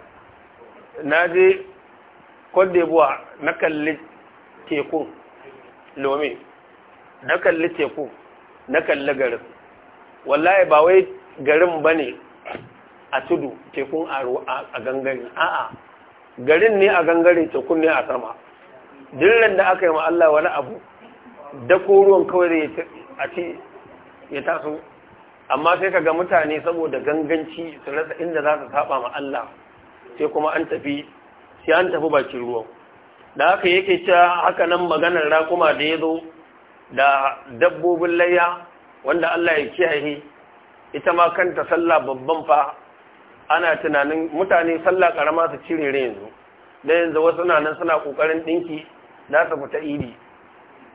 na je Cote d'Ivoire na kalli tekun Lome na kalli tekun na kalli garin wallahi ba wai garin bane ne a tudu tekun a gangare a'a garin ne a gangare tekun ne a sama dillan da aka yi ma Allah wani abu da ruwan kawai da a ce ya taso amma sai ka ga mutane saboda ganganci su rasa inda za su saba ma Allah sai kuma an tafi sai an tafi bakin ruwan da haka yake cewa haka nan maganar raƙuma da ya zo da dabbobin layya wanda Allah ya kiyaye ita ma kanta sallah babban fa ana tunanin mutane sallah karama su cire yanzu da yanzu wasu na nan suna kokarin dinki da su fita idi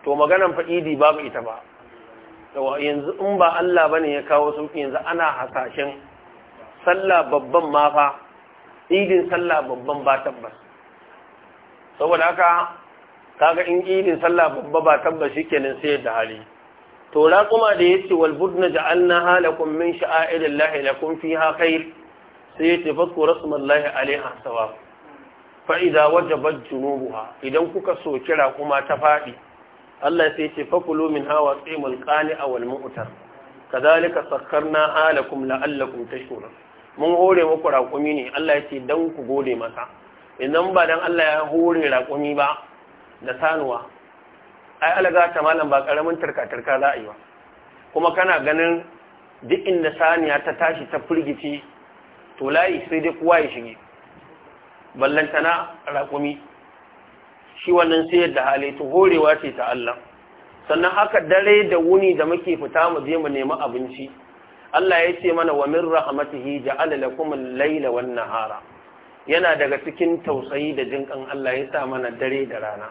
to maganan fa idi babu ita ba yanzu in ba Allah bane ya kawo su yanzu ana hasashen sallah babban ma fa idin sallah babban ba tabbas saboda haka kaga in idin sallah babba ba tabbas shikenan sai da hali to raƙuma da ya ce walbudna na halakun min sha'a'irin lahi fi ha kai sai ya ce fasku su lahi alaiha sawa fa'ida wajabar junubuwa idan kuka soki kuma ta faɗi Allah sai ce fakulu min hawa tsimul ƙani a wal mu'utar kazalika sakkarna halakum ta tashkura mun hore muku raƙumi ne Allah ya ce dan ku gode masa idan ba dan Allah ya hore raƙumi ba da sanuwa ai alaga ta malam ba karamin turka-turka za a yi ba kuma kana ganin duk inda saniya ta tashi ta firgici to layi sai dai kowa ya shige ballantana raƙumi shi wannan sai yadda hali to horewa ce ta Allah sannan haka dare da wuni da muke fita mu je mu nemi abinci Allah ya ce mana wa min rahmatihi ja'ala lakum al-laila wan nahara yana daga cikin tausayi da jinkan Allah ya sa mana dare da rana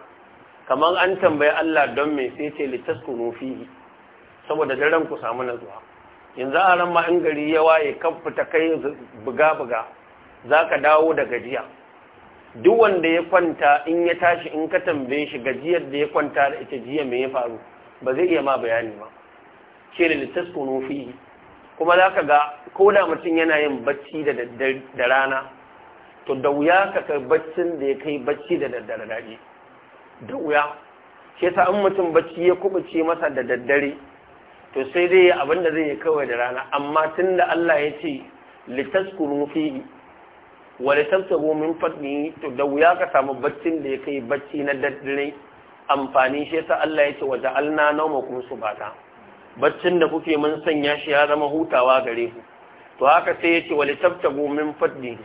kamar an tambayi Allah don me sai ce litaskunu fihi saboda daren ku samu zuwa yanzu a ran ma in gari ya waye kan fita kai buga buga zaka dawo da gajiya duk wanda ya kwanta in ya tashi in ka tambaye shi gajiyar da ya kwanta da ita jiya me ya faru ba zai iya ma bayani ba ce ne litaskunu fihi kuma zaka ga ko da mutum yana yin bacci da da rana to da wuya ka kai baccin da ya kai bacci da daddare daɗi da wuya ke sa an mutum bacci ya kubuce masa da daddare to sai dai abin da zai yi kawai da rana amma tun da Allah ya ce litaskuru fi wa litabtagu min fadlihi to da wuya ka samu baccin da ya kai bacci na daddare amfani shi yasa Allah ya ce wa ja'alna nawmakum subata baccin da kuke mun sanya shi ya zama hutawa gare ku to haka sai ya ce wa litabtagu min fadlihi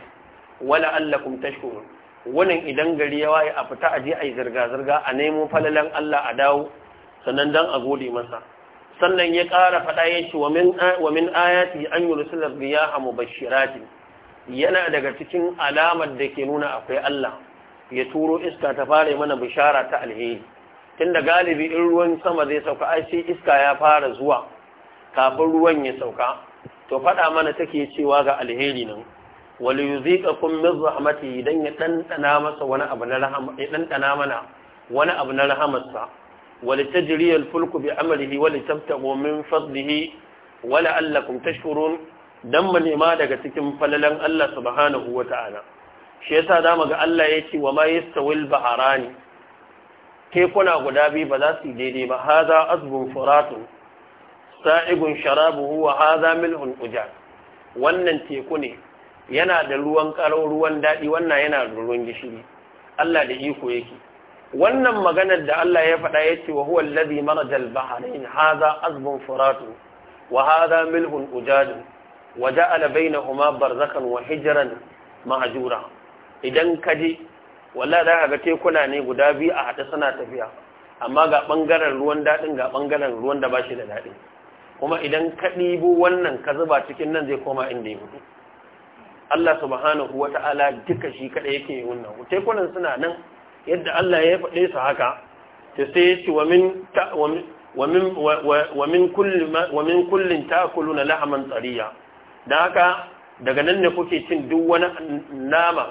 wa la'allakum tashkurun wannan idan gari ya waye a fita aje a yi zirga-zirga a nemo falalan Allah a dawo sannan dan a gode masa sannan ya ƙara faɗa ya ce wa min ayati an yi rusular riyaha mubashirati yana daga cikin alamar da ke nuna akwai Allah ya turo iska ta fara mana bishara ta alheri tunda galibi in ruwan sama zai sauka ai sai iska ya fara zuwa kafin ruwan ya sauka to faɗa mana take cewa ga alheri nan wal kun min rahmati idan ya dandana masa wani abu na rahama ya mana wani abu na rahamarsa wal fulku bi amrihi wal tabtagu min fadlihi wa la'allakum tashkurun dan mu nema daga cikin falalan Allah subhanahu ta'ala shi yasa zamu ga Allah ya ce wa ma yastawil baharani tekuna guda biyu ba za su daidai ba haza azbun furatun sa'igun sharabuhu wa haza milhun ujar wannan teku ne yana da ruwan karo ruwan daɗi wannan yana da ruwan gishiri Allah da iko yake wannan maganar da Allah ya faɗa ya ce wa huwa alladhi marajal bahrain hadha azbun furatu wa hadha milhun ujad wa ja'ala bainahuma barzakan wa hijran mahjura idan kaje wallahi za ga tekuna ne guda biyu a hada suna tafiya amma ga bangaren ruwan daɗin ga bangaren ruwan da bashi da daɗi kuma idan ka ɗibo wannan ka zuba cikin nan zai koma inda ya fito Allah subhanahu wa ta'ala duka shi kada yake wannan tekunan suna nan yadda Allah ya faɗe su haka ta sai ce wa min kullum ta kulu na lahaman tsariya da haka daga nan ne kuke cin duk wani nama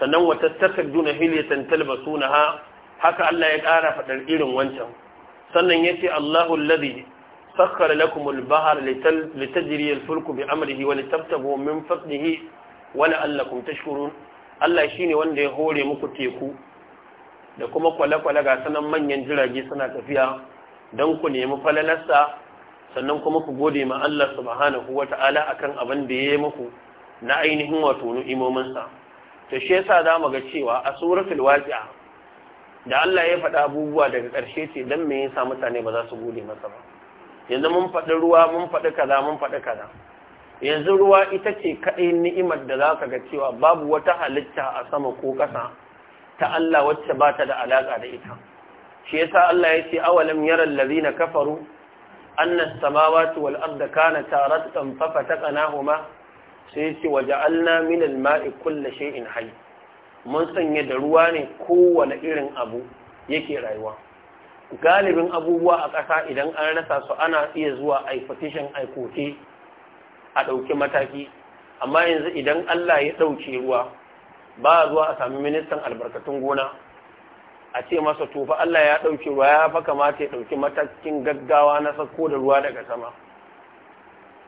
sannan wata takardu na hiliyatan talbasu na haka Allah ya ƙara faɗar irin wancan sannan ya ce Allahun ladi sakhkhara lakum al-bahra litajri al-fulku bi amrihi wa litabtagu min fadlihi wa la'allakum tashkurun Allah shine wanda ya hore muku teku da kuma kwale-kwale ga sanan manyan jirage suna tafiya don ku nemi falalarsa sannan kuma ku gode ma Allah subhanahu ta'ala akan abin da ya yi muku na ainihin wato ni'imominsa to shi yasa za mu ga cewa a suratul waqi'a da Allah ya faɗa abubuwa daga ƙarshe ce dan me yasa mutane ba za su gode masa ba yanzu mun faɗi ruwa mun faɗi kaza mun faɗi kaza yanzu ruwa ita ce kaɗai ni'imar da za ka ga cewa babu wata halitta a sama ko ƙasa ta Allah wacce ba ta da alaƙa da ita shi yasa Allah ya ce awalam yaral ladina kafaru anna as-samawati wal arda kanata ratqan fa fataqnahuma sai ya ce waja'alna min al-ma'i kulli shay'in hayy mun sanya da ruwa ne kowane irin abu yake rayuwa galibin abubuwa a ƙasa idan an rasa su ana iya zuwa a yi fatishin a a ɗauki mataki amma yanzu idan Allah ya ɗauke ruwa ba zuwa a sami ministan albarkatun gona a ce masa tofa Allah ya ɗauke ruwa ya fa kamata ya ɗauki matakin gaggawa na sako da ruwa daga sama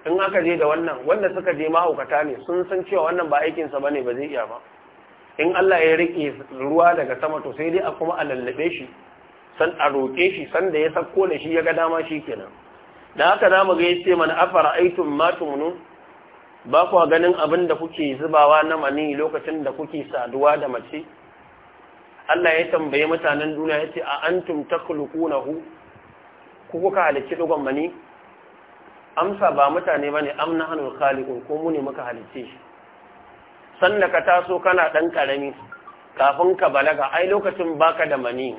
in aka je da wannan wanda suka je mahaukata ne sun san cewa wannan ba aikinsa ba ne ba zai iya ba in Allah ya riƙe ruwa daga sama to sai dai a kuma a lallabe shi san a roƙe shi san da ya sako da shi ya ga dama shi kenan da haka za mu ga ya ce mana afara aitun matumunu ba kuwa ganin abin da kuke zubawa na mani lokacin da kuke saduwa da mace Allah ya tambaye mutanen duniya ya ce a antum takhluqunahu ku kuka halicci dogon mani amsa ba mutane bane amna hanul khaliqun ko mu muka halicce shi sanda ka taso kana dan karami kafin ka balaga ai lokacin baka da mani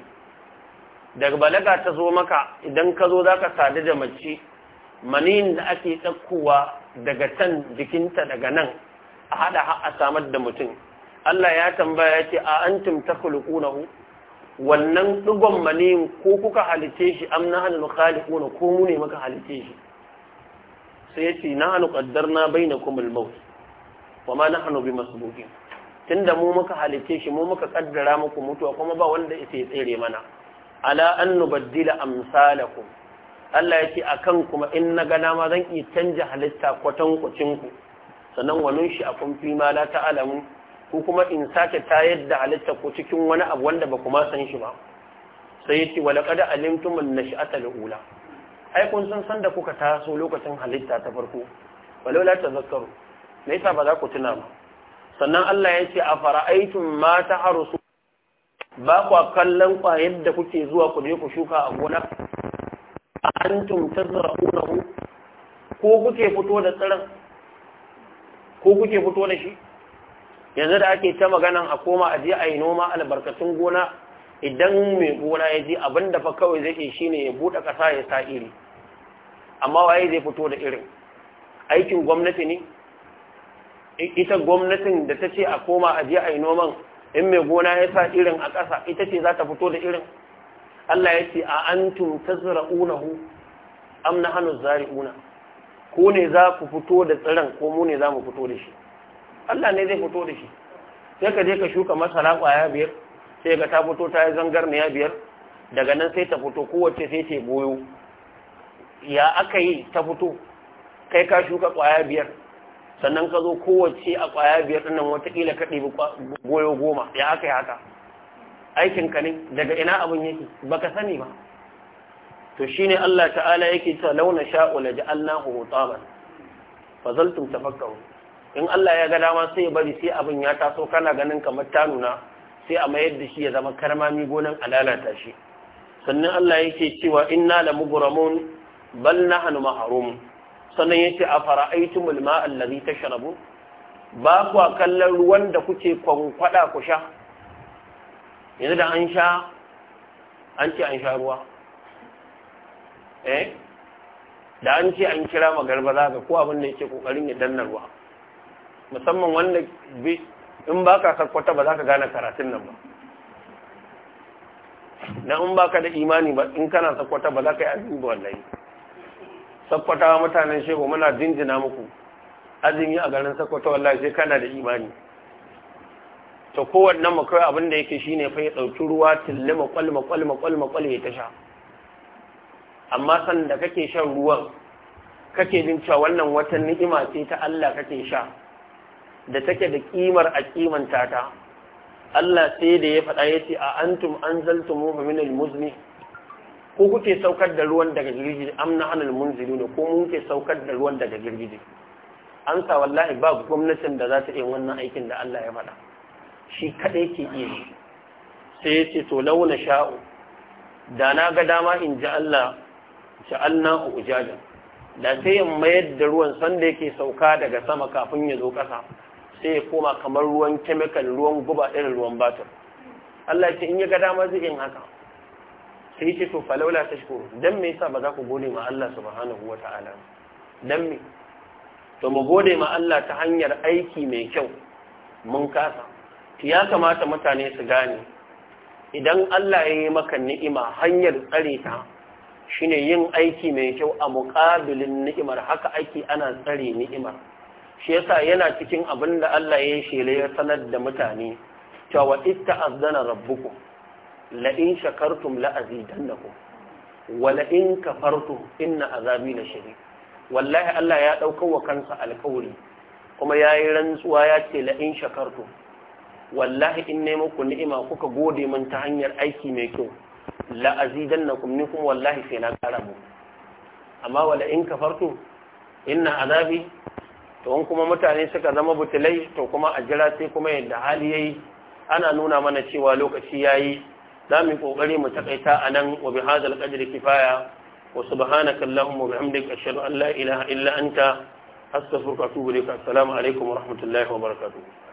daga balaga ta zo maka idan ka zo za ka sadu da mace manin da ake ɗaukowa daga can jikinta daga nan a haɗa a samar da mutum Allah ya tambaya ce a an timta kulukunahu wannan ɗigon maniyin ko kuka halice shi am na hannun khalikuna ko mu ne maka halice shi sai ya ce na hannu ƙaddar na bai na kuma maut wa ma na hannu bi masu buki tun da mu muka halice shi mu muka ƙaddara muku mutuwa kuma ba wanda ya tsere mana ala an nubaddila amsalakum Allah ya ce a kuma in na gana ma zan iya canja halitta kucinku sannan wani shi a kumfi fima la ta'alamu ko kuma in sake tayar da halitta ku cikin wani abu wanda ba kuma san shi ba sai ya ce walaƙa da na al'ula ai kun san san da kuka taso lokacin halitta ta farko walau la tazakkaru me yasa ba za ku tuna ba sannan Allah ya ce a fara'aitun ma ta harusu ba kwa kallon ƙwayar da kuke zuwa ku je ku shuka a gona a antum tazra'unahu ko kuke fito da tsirin ko kuke fito da shi yanzu da ake ta maganan a koma a je a yi noma albarkatun gona idan mai gona ya ji abin da fa kawai zai ke ne ya buɗe ƙasa ya sa iri amma waye zai fito da irin aikin gwamnati ne ita gwamnatin da ta ce a koma a je a yi noman in mai gona ya sa irin a ƙasa ita ce za ta fito da irin Allah ya ce a antum tazra'unahu am Zari, Una, ko ne za ku fito da tsiran ko mu ne za mu fito da shi Allah ne zai fito da shi sai ka je ka shuka masara ƙwaya biyar sai ka ta fito ta yi zangarniya biyar daga nan sai ta fito kowace sai ce goyo ya aka yi ta fito kai ka shuka ƙwaya biyar sannan ka zo kowace a ƙwaya biyar ɗin watakila ka ɗibi goyo goma ya aka yi haka aikinka ne daga ina abin yake ka sani ba to shi ne Allah ta'ala yake ta launa ji sha'u la ba hutaman fazaltum tafakkaru in Allah ya ga dama sai ya bari sai abin ya taso kana ganin kamar ta nuna sai a mayar da shi ya zama karmami gonan alalata shi sannan Allah yake cewa inna la mugramun bal nahnu mahrum sannan ya ce a mulma ma'al ta sharabu ba kwa kallon ruwan da kuke kwankwada ku sha yanzu da an sha an ce an sha ruwa eh da an ce an kira magarba za ka ko abin da yake kokarin ya danna ruwa musamman wanda in ba ka sarkwata ba za ka gane karatun nan ba na in ba ka da imani ba in kana sarkwata ba za ka yi azubu ba wallahi sakwatawa mutanen shehu muna jinjina muku azumi a garin sakkwata wallahi sai kana da imani to kowanne mu kai abin da yake shine fa ya dauki ruwa tilli makwal makwal makwal makwal ya tasha amma san da kake shan ruwan kake jin cewa wannan wata ni'ima ce ta Allah kake sha da take da kimar a kimanta ta Allah sai da ya faɗa yace a antum anzaltumu min al-muzni ko kuke saukar da ruwan daga girgije amna hanal munzilu ne ko mun ke saukar da ruwan daga girgije an sa wallahi ba gwamnatin da za ta yi wannan aikin da Allah ya faɗa shi kaɗai ke iya shi. sai ya ce to launa sha'u da na ga dama in ji Allah sha'alna ujajan da sai ya mayar da ruwan sanda yake sauka daga sama kafin ya zo ƙasa sai ya koma kamar ruwan kemikal ruwan guba irin ruwan batir Allah ya ce in ya ga dama zai yin haka sai ce to falaula tashkuru dan me yasa ba za ku gode ma Allah subhanahu wataala dan me to mu gode ma Allah ta hanyar aiki mai kyau mun kasa ya kamata mutane su gane idan Allah ya yi maka ni'ima hanyar tsare ta shine yin aiki mai kyau a muƙabilin ni'imar haka aiki ana tsare ni'imar shi yasa yana cikin abinda Allah ya yi shele ya sanar da mutane cewa itta azzana rabbukum la'in shakartum ku. wala in kafartu inna azabi la shadid wallahi Allah ya dauka wa kansa alƙawari kuma yayi rantsuwa ya ce la in wallahi in ne ku ni'ima kuka gode min ta hanyar aiki mai kyau la azidannakum ni kuma wallahi sai na ƙara mu amma wala in kafartu inna azabi to in kuma mutane suka zama butulai to kuma a jira sai kuma yadda hali yayi ana nuna mana cewa lokaci yayi za mu ƙoƙari mu takaita anan wa bi hadal kifaya wa subhanaka allahumma wa bihamdika ashhadu an la illa anta astaghfiruka wa atubu alaikum wa rahmatullahi wa barakatuh